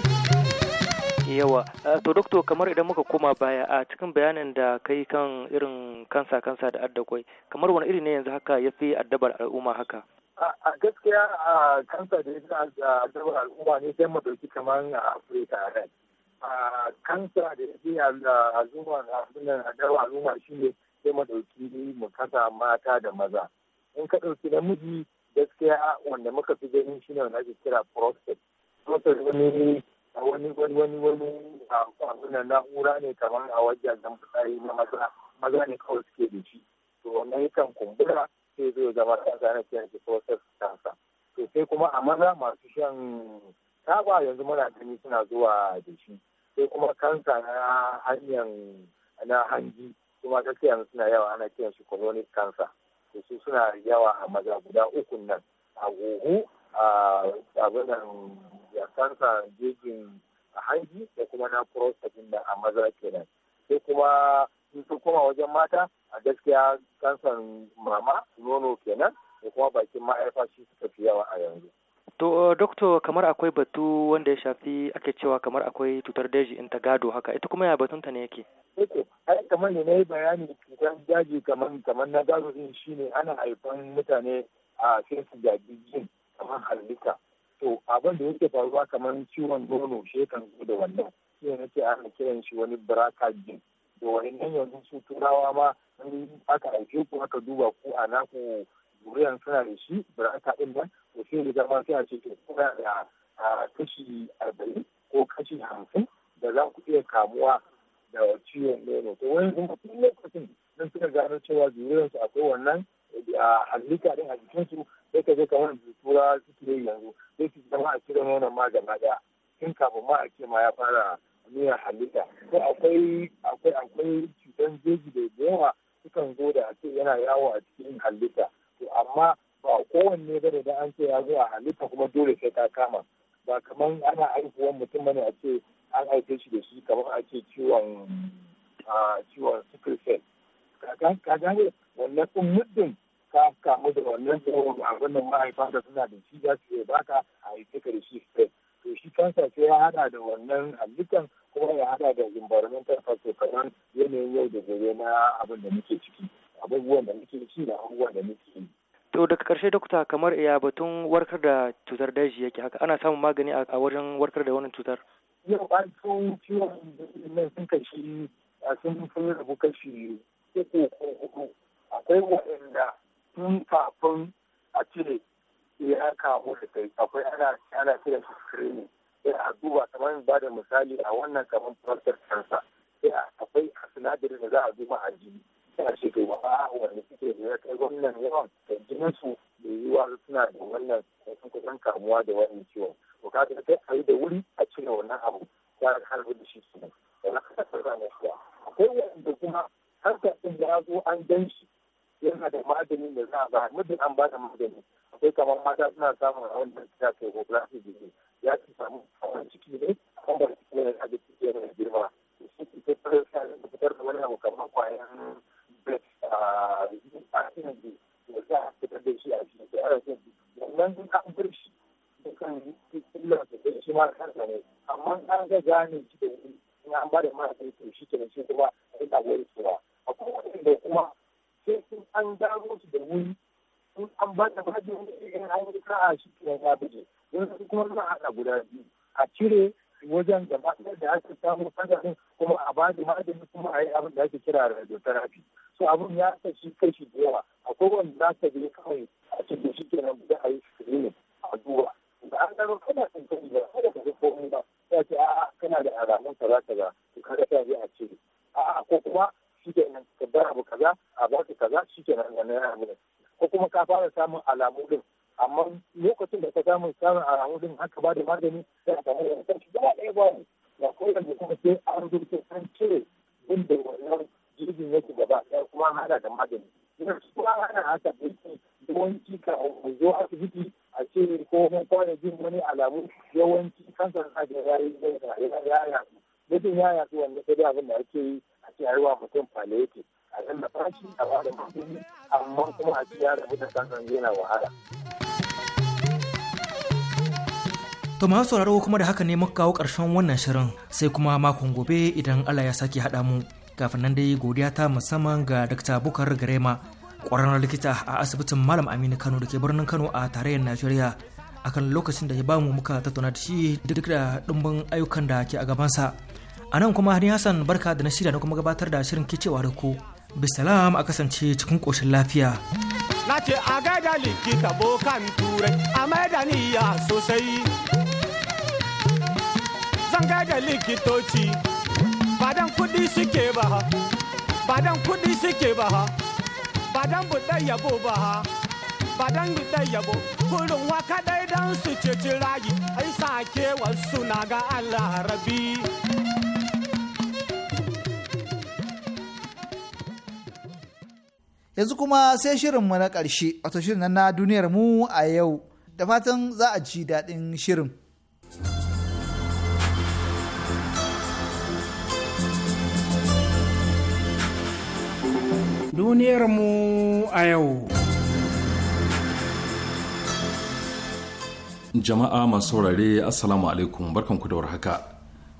yawa eh, to doktor kamar idan muka koma baya a cikin bayanin da kai kan irin kansa kansa da addakwai kamar wani iri ne yanzu haka ya fi addabar al'umma haka a gaskiya a kansa da ya a al'umma ne sai mu dauki kamar a afirka red a kansa da ya fi al'umma a jabar al'umma shi ne sai mu dauki mu kasa mata da maza in ka dauki namiji gaskiya wanda muka fi ganin shi ne wanda ake kira prostate prostate wani wani wani wani wani abinan na'ura ne kamar a wajen da na maza maza ne kawai suke da shi to wannan yakan kumbura sai zai zama kansa na kiran shi process kansa to sai kuma a maza masu shan taba yanzu muna gani suna zuwa da shi sai kuma kansa na hanyar na hanji kuma gaskiya suna yawa ana kiran shi colonic cancer to su suna yawa a maza guda uku nan a huhu a abinan ya kansa jejin hanji da kuma na prostate da a maza kenan sai kuma in sun koma wajen mata a gaskiya kansan mama nono kenan da kuma bakin ma'aifa shi suka fi yawa a yanzu To, eh, doktor kamar akwai batu wanda ya shafi ake cewa kamar akwai cutar daji in ta gado haka, ita kuma ya batunta ne yake? Eko, eh ai kamar ne na yi bayani cutar daji kamar kamar na gado din shi ne ana haifan mutane a sai su gaji jin kamar halitta. To, abin da yake faruwa kamar ciwon nono shi kan zo da wannan. Sai na nake ana kiran shi wani braka jin. da wa'annan yanzu su turawa ma aka aike ku aka duba ku a naku zuriyan suna da shi birata ɗin nan to sai da zama sai a ce ke kuna da kashi arba'in ko kashi hamsin da za ku iya kamuwa da ciwon nono to wani kuma tun lokacin nan suka gano cewa su akwai wannan halitta din a su sai ka je kamar tura suke yanzu sai su zama a cire nonon ma gaba ɗaya tun kafin ma a ce ma ya fara nuna halitta ko akwai akwai akwai jeji da yawa sukan zo da ce yana yawo a cikin halitta to amma ba kowanne ba da an ce ya zo a halitta kuma dole sai ka kama ba kaman ana aikuwan mutum bane a ce an aike shi da shi kamar a ce ciwon ciwon sickle cell ka wannan kun muddin ka kamu da wannan abin nan mahaifa da suna da shi za su baka a yi da shi to shi kansa sai ya hada da wannan halittar kuma ya hada da environmental factor kamar yanayin yau da gobe na abin da muke ciki abubuwan da muke ci da abubuwan da muke yi To daga karshe dokta kamar iya batun warkar da cutar daji yake haka ana samun magani a wajen warkar da wannan cutar. Yau an tun ciwon nan sun kashi a sun sun rabu kashi uku ko hudu akwai waɗanda tun kafin a cire ya kawo da kai akwai ana ana kiran shi screening sai a duba kamar ba da misali a wannan kamar prostate cancer sai akwai sinadarin da za a duba a jini sai a ce to ba wanda suke da ya kai wannan yawan da jinin su da yiwuwa suna da wannan sun kusan kamuwa da wannan ciwon to ka ga sai a yi da wuri a cire wannan abu ya harbi da shi kenan da na kasa akwai wanda kuma harkar ɗin ya zo an gan shi yana da maganin da za a ba muddin an ba da magani akwai kamar mata suna samun a wanda ta ke oblastic disease ya ci samu kawai ciki ne kan ba ciki ne a jiki ke mai girma shi ke da fitar da wani abu kamar kwayan ah, a cikin da za a fitar da shi a da ana cin wannan an bar shi da kan yi da shi ma kansa ne amma an ga gane shi da wuri in an ba da mara to shi ke da shi kuma wuri in an ba da baji in an yi sa'a shi ke ya buje yanzu kuma za a haɗa guda biyu a cire wajen da ɗaya da ake samu sanadin kuma a ba da magani kuma a yi abin da ake kira radiotherapy so abin ya kashi kashi da yawa akwai wanda za ka je kawai a cikin shi kenan da a yi screening a duba da an gano kana tsintsani da kada ka ga komai ba ya ce a'a kana da alamun kaza kaza ba ka kaza shi ke nan wannan yana ko kuma ka fara samun alamu din amma lokacin da ka samu samun alamu din haka ba da magani sai a samu da kanki gaba ɗaya ba ne ba ko yanzu kuma sai an zurfe an cire bin da wannan jirgin yake gaba ɗaya kuma hada da magani ina kuma ana haka yawanci ka zo asibiti a ce ko mun kwana jin wani alamu yawanci na ajiye ya yi ya yasu mutum ya yasu wanda abin da ake yi a ce a yi wa mutum palliative shi a bada amma kuma a da yana wahala. To masu sauraro kuma da haka ne muka kawo ƙarshen wannan shirin sai kuma makon gobe idan Allah ya sake haɗa mu kafin nan dai godiya ta musamman ga Dr. Bukar Garema ƙwararren likita a asibitin Malam Aminu Kano da ke birnin Kano a tarayyar Najeriya akan lokacin da ya ba mu muka tattauna da shi duk da ɗumbin ayyukan da ke a gabansa. A nan kuma Hani Hassan barka da na shirya na kuma gabatar da shirin kicewa da ku bisalam a kasance cikin ƙoshin lafiya. Na ce a gaida likita bokan turai a maidaniya sosai. Zan gaida likitoci badan kudi suke ba ha, badan kudi suke ba ha, badan budai yabo ba ha, badan budai yabo. Kurin waka dai don su ceci rayu, ai sake wasu na ga Allah rabi. yanzu kuma sai shirinmu na ƙarshe wato shirin na duniyar mu a yau da fatan za a ji daɗin shirin. Duniyar mu a yau. Jama'a masu saurare Assalamu alaikum barkanku da warhaka.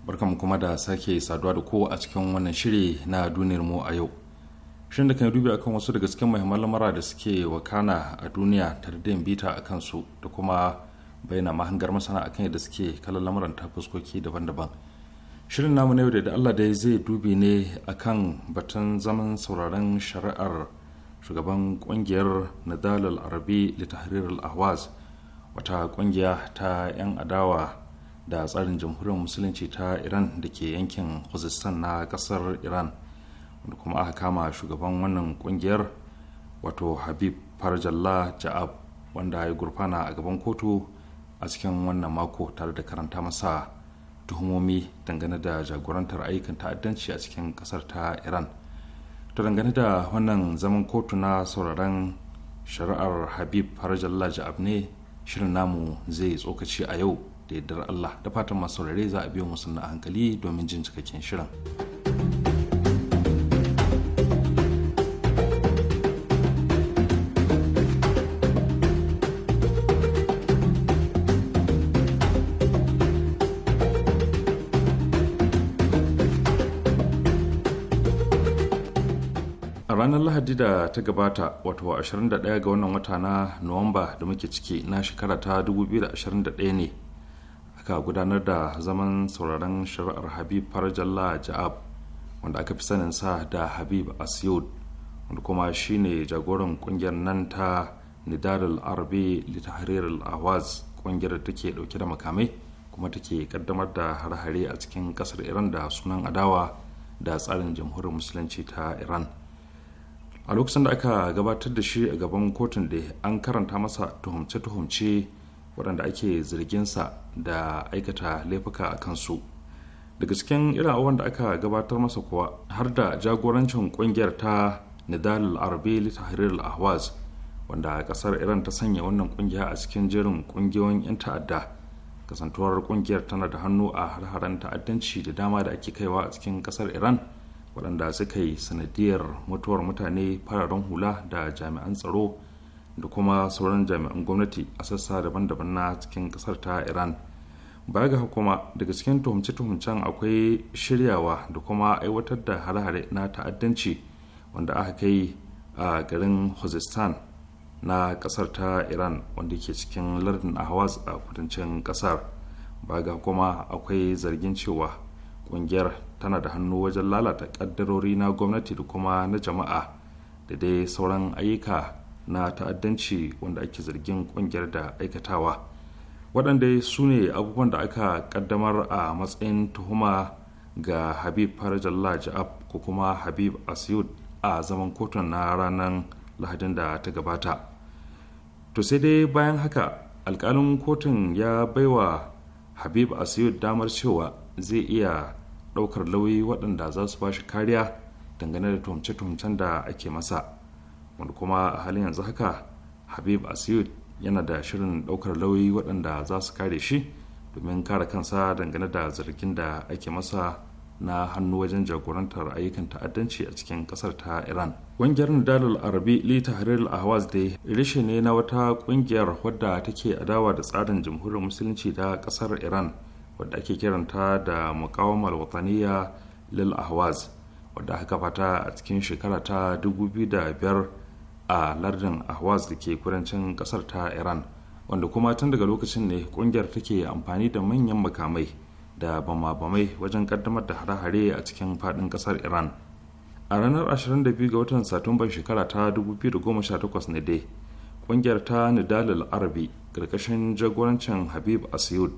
Barkanku kuma da sake saduwa da kowa a cikin wannan shiri na duniyar mu a yau. shirin da kan dubi akan wasu daga cikin muhimman lamura da suke wakana a duniya ta da bita a kansu da kuma bayyana mahangar masana akan yadda suke kallon lamuran ta fuskoki daban-daban shirin namu na yau da Allah dai zai dubi ne akan batun zaman sauraron shari'ar shugaban kungiyar nadal arabi da tahrir ahwaz wata kungiya ta 'yan adawa da tsarin jamhuriyar musulunci ta iran da ke yankin khuzistan na kasar iran wanda kuma aka kama shugaban wannan kungiyar wato habib farjalla ja'ab wanda ya gurfana a gaban kotu a cikin wannan mako tare da karanta masa tuhumomi dangane da jagorantar ayyukan ta'addanci a cikin kasar ta iran ta dangane da wannan zaman kotu na sauraron shari'ar habib farjalla ja'ab ne shirin namu zai tsokaci a yau da yardar allah da fatan masu za a biyo musu a hankali domin jin cikakken shirin ranar lahadi da ta gabata wato 21 ga wannan wata na nuwamba da muke ciki na shekara ta 2021 ne aka gudanar da zaman sauraron shari'ar habib farajalla ja'ab wanda aka fi sanin sa da habib asyud wanda kuma shine jagoran kungiyar nan ta nidarul arbi litahrirul awaz kungiyar da take dauke da makamai kuma take kaddamar da hare-hare a cikin kasar iran da sunan adawa da tsarin jamhuriyar musulunci ta iran a lokacin da aka gabatar da shi a gaban kotun da an karanta masa tuhumce-tuhumce waɗanda ake zarginsa da aikata laifuka a kansu daga cikin irin abubuwan da aka gabatar masa kuwa har da jagorancin ƙungiyar ta nidal arabi litahrir al-ahwaz wanda kasar iran ta sanya wannan kungiya a cikin jerin kungiyoyin 'yan ta'adda kasantuwar kungiyar tana da hannu a har-haren ta'addanci da dama da ake kaiwa a cikin kasar iran waɗanda suka yi sanadiyar mutuwar mutane fararen hula da jami'an tsaro da kuma sauran jami'an gwamnati a sassa daban-daban na cikin ƙasar ta iran baya ga hukuma daga cikin tuhumce-tuhumcen akwai shiryawa da kuma aiwatar da hare-hare na ta'addanci wanda aka kai a garin khuzestan na ƙasar ta iran wanda ke cikin lardin ahwaz a kudancin ƙasar baya ga hukuma akwai zargin cewa ƙungiyar tana da hannu wajen lalata ƙaddarori na gwamnati da kuma na jama'a da dai sauran ayyuka na ta'addanci wanda ake zargin ƙungiyar da aikatawa waɗanda su ne abubuwan da aka ƙaddamar a matsayin tuhuma ga habib farajallah ja'ab ko kuma habib asiyud a zaman kotun na ranar lahadin da ta gabata to sai dai bayan haka alkalin kotun ya baiwa habib asiyu damar cewa zai iya ɗaukar lauyi waɗanda za su ba kariya dangane da tuhumce-tuhumcen da ake masa wanda kuma a halin yanzu haka habib asiyud yana da shirin ɗaukar lauyi waɗanda za su kare shi domin kare kansa dangane da zargin da ake masa na hannu wajen jagorantar ayyukan ta'addanci a cikin kasar ta iran ƙungiyar nadalar arabi li tahrir ahwaz dai rishi ne na wata ƙungiyar wadda take adawa da tsarin jamhuriyar musulunci ta ƙasar iran wadda ake kiranta da mukawamar wataniya lil ahwaz wadda aka fata a cikin shekara ta 2005 a lardin ahwaz da ke kudancin kasar ta iran wanda kuma tun daga lokacin ne kungiyar take amfani da manyan makamai da bama-bamai wajen kaddamar da hare-hare a cikin fadin kasar iran a ranar 22 ga watan satumban shekara ta 2018 ne dai kungiyar ta nidal arabi karkashin jagorancin habib asiyud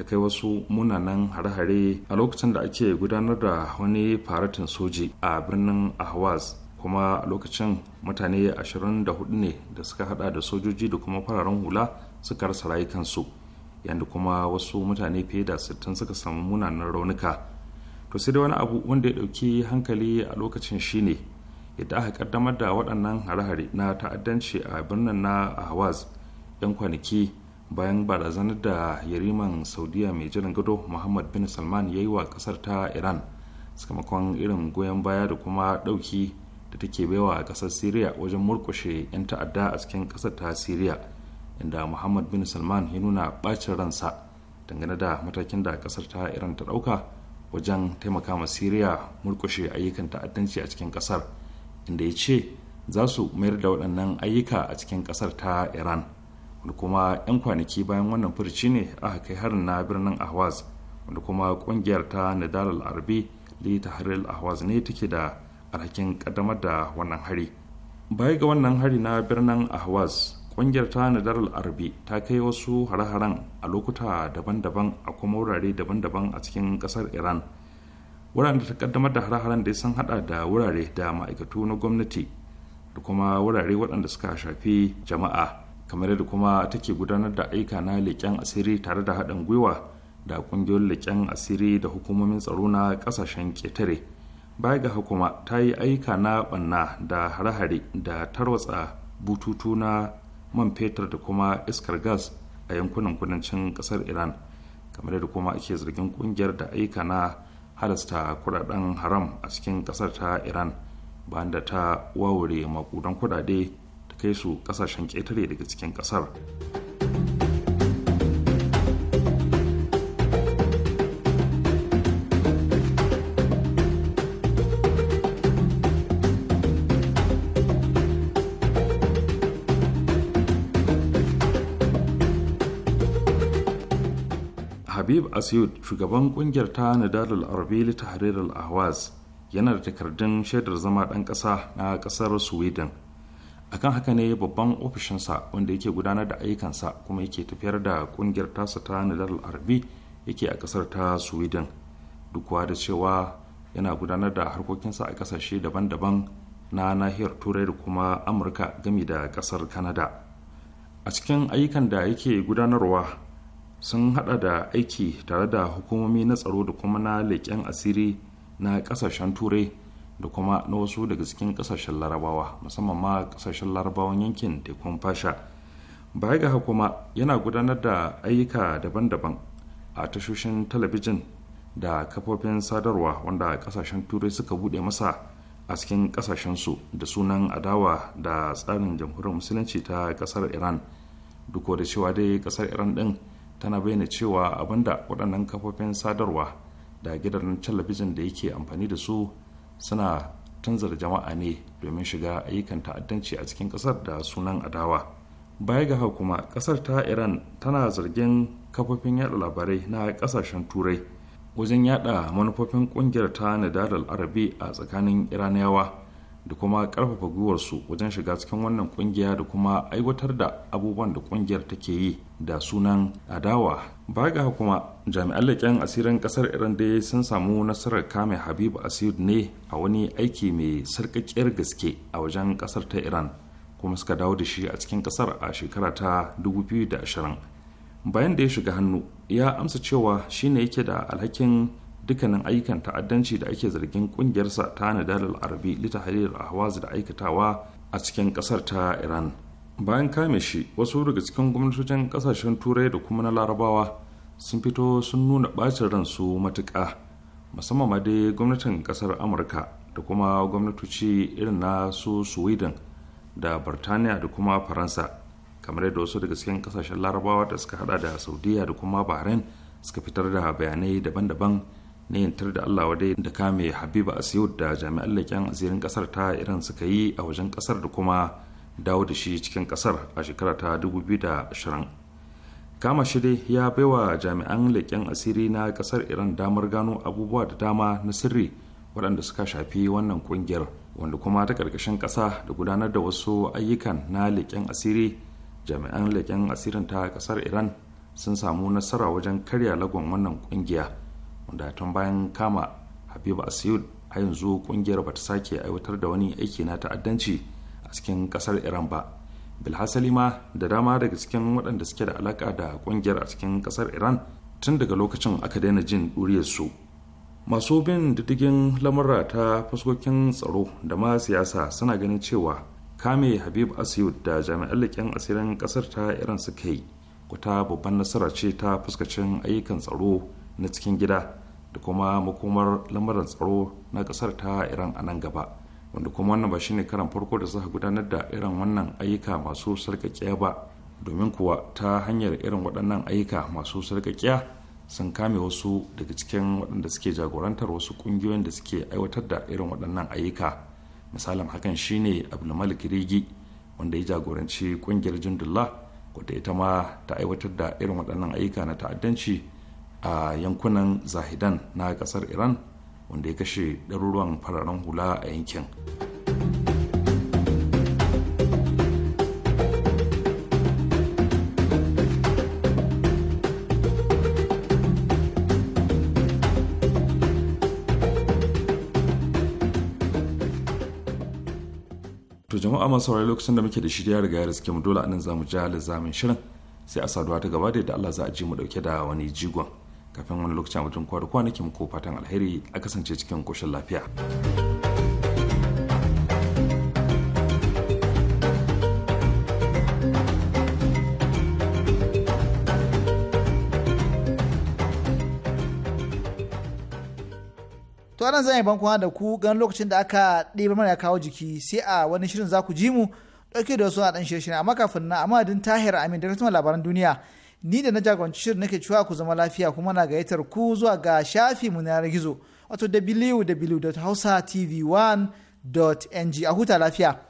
ta kai wasu munanan hare-hare a lokacin da ake gudanar da wani faratin soji a birnin ahwaz kuma a lokacin mutane 24 ne da suka hada da sojoji da kuma fararen hula suka rasa rayukansu yadda kuma wasu mutane fiye da 60 suka samu munanan raunuka to sai dai wani abu wanda ya dauki hankali a lokacin shine yadda aka kaddamar da waɗannan hare-hare na ta'addanci a birnin na ahwaz 'yan kwanaki bayan barazanar da yariman saudiya mai jiran gado muhammad bin salman ya yi wa kasar ta iran sakamakon irin goyon baya da kuma dauki da take baiwa kasar syria wajen murkushe 'yan ta'adda a cikin kasar ta syria inda muhammad bin salman ya nuna ɓacin ransa dangane da matakin da kasar ta iran ta ɗauka wajen taimaka ma syria murkushe ayyukan ta'addanci a cikin kasar inda ya ce za su mayar da waɗannan ayyuka a cikin kasar ta iran wanda kuma 'yan kwanaki bayan wannan furci ne aka kai harin na birnin ahwaz wanda kuma kungiyar ta nadal al'arbi arbi li tahrir ahwaz ne take da alhakin kaddamar da wannan hari baya ga wannan hari na birnin ahwaz kungiyar ta nadal al'arbi ta kai wasu hare a lokuta daban-daban a kuma wurare daban-daban a cikin kasar iran wuraren da ta kaddamar da hare-haren da sun hada da wurare da ma'aikatu na gwamnati da kuma wurare waɗanda suka shafi jama'a kamar yadda kuma take gudanar da aika na leƙen asiri tare da haɗin gwiwa da ƙungiyoyin leƙen asiri da hukumomin tsaro na ƙasashen ƙetare baya ga hukuma ta yi aika na ɓanna da hare-hare da tarwatsa bututu na man fetur da kuma iskar gas a yankunan kudancin ƙasar iran kamar yadda kuma ake zargin ƙungiyar da aika na halasta kuɗaɗen haram a cikin ƙasar ta iran bayan da ta wawure makudan kuɗaɗe kai su kasashen ƙetare daga cikin ƙasar habib asiyud shugaban kungiyar ta nadalul arbeli tahrir al-ahwaz yana da takardun shaidar zama ɗan ƙasa na ƙasar sweden akan haka ne babban ofishinsa wanda yake gudanar da ayyukansa kuma yake tafiyar da kungiyar tasa ta nadal arbi yake a kasar ta sweden duk da cewa yana gudanar da harkokinsa a kasashe daban-daban na nahiyar turai da kuma amurka gami da kasar kanada a cikin ayyukan da yake gudanarwa sun hada da aiki tare da hukumomi na tsaro da kuma na leƙen asiri na kasashen turai da kuma na wasu daga cikin kasashen larabawa musamman ma kasashen larabawan yankin tekun fasha baya ga kuma yana gudanar da ayyuka daban-daban a tashoshin talabijin da kafofin sadarwa wanda kasashen turai suka bude masa a cikin kasashensu da sunan adawa da tsarin jamhuriyar musulunci ta kasar iran duk da cewa dai kasar iran din tana bayyana cewa abinda waɗannan kafofin sadarwa da gidan talabijin da yake amfani da su suna tunzura jama'a ne domin shiga ayyukan ta'addanci a cikin kasar da sunan adawa baya ga haka kuma kasar ta iran tana zargin kafofin yada labarai na kasashen turai wajen yada manufofin kungiyar ta nadal arabi a tsakanin iraniyawa da kuma karfafa gwiwarsu wajen shiga cikin wannan kungiya da kuma aiwatar da abubuwan da kungiyar take yi da sunan adawa baga kuma jami'an leƙen asirin ƙasar iran dai sun samu nasarar kame habib asir ne a wani aiki mai sarƙaƙƙiyar gaske a wajen ƙasar ta iran kuma suka dawo da shi a cikin ƙasar a shekara ta 2020 bayan da ya shiga hannu ya amsa cewa shi ne yake da alhakin dukkanin ayyukan ta'addanci da ake zargin ƙungiyarsa ta nadal arabi lita halil da aikatawa a cikin ƙasar ta iran bayan kame shi wasu daga cikin gwamnatocin kasashen turai da kuma na larabawa sun fito sun nuna bacin ransu matuka musamman ma dai gwamnatin kasar amurka da kuma gwamnatoci irin na su sweden da birtaniya da kuma faransa kamar yadda wasu daga cikin kasashen larabawa da suka hada da saudiya da kuma bahrain suka fitar da bayanai daban-daban na yantar da allah wadai da kame habiba asiyu da jami'an leƙen asirin kasar ta irin suka yi a wajen kasar da kuma dawo da shi cikin kasar a shekara ta 2020 kama shi ya baiwa jami'an leƙen asiri na kasar iran damar gano abubuwa da dama na sirri waɗanda suka shafi wannan ƙungiyar wanda kuma ta ƙarƙashin ƙasa da gudanar da wasu ayyukan na leƙen asiri jami'an leƙen asirin ta ƙasar iran sun samu nasara wajen karya lagon wannan ƙungiya wanda tun bayan kama habibu asiyud a yanzu ƙungiyar ba ta sake aiwatar da wani aiki na ta'addanci a cikin kasar iran ba bilhassali ma da dama daga cikin waɗanda suke da alaƙa da ƙungiyar a cikin kasar iran tun daga lokacin aka daina jin su masu bin diddigin lamura ta fuskokin tsaro da ma siyasa suna ganin cewa kame habib asiyud da jami'an leƙen asirin ƙasar ta iran suka yi wata babban nasara ce ta fuskacin ayyukan tsaro na cikin gida da kuma makomar lamuran tsaro na ƙasar ta iran a nan gaba wanda kuma wannan ba shine karan farko da za gudanar da irin wannan ayyuka masu sarkakiya ba domin kuwa ta hanyar irin waɗannan ayyuka masu sarkakiya sun kame wasu daga cikin waɗanda suke jagorantar wasu ƙungiyoyin da suke aiwatar da irin waɗannan ayyuka misalin hakan shine abdulmalik rigi wanda ya jagoranci ƙungiyar jundullah wadda ita ma ta aiwatar da irin waɗannan ayyuka na ta'addanci a yankunan zahidan na ƙasar iran wanda ya kashe ɗaruruwan fararen hula a yankin to jama'a masu saurari lokacin da muke da shirya riga ya riske mu dole anan zamu ji halin zamin shirin sai a saduwa ta gaba da yadda Allah za a ji mu dauke da wani jigon kafin wani lokaci a wajen kwari kwanakin ko fatan alheri a kasance cikin koshin lafiya. to zan yi bankuna da ku gan lokacin da aka ɗiba mana kawo jiki sai a wani shirin za ku ji mu ɗauke da wasu a ɗan shirye amma kafin na amadin tahir amin da labaran duniya ni da na jagoranci shirin nake cewa ku zama lafiya kuma na gayyatar ku zuwa ga shafi mu na gizo wato www.hausatv1.ng a huta lafiya.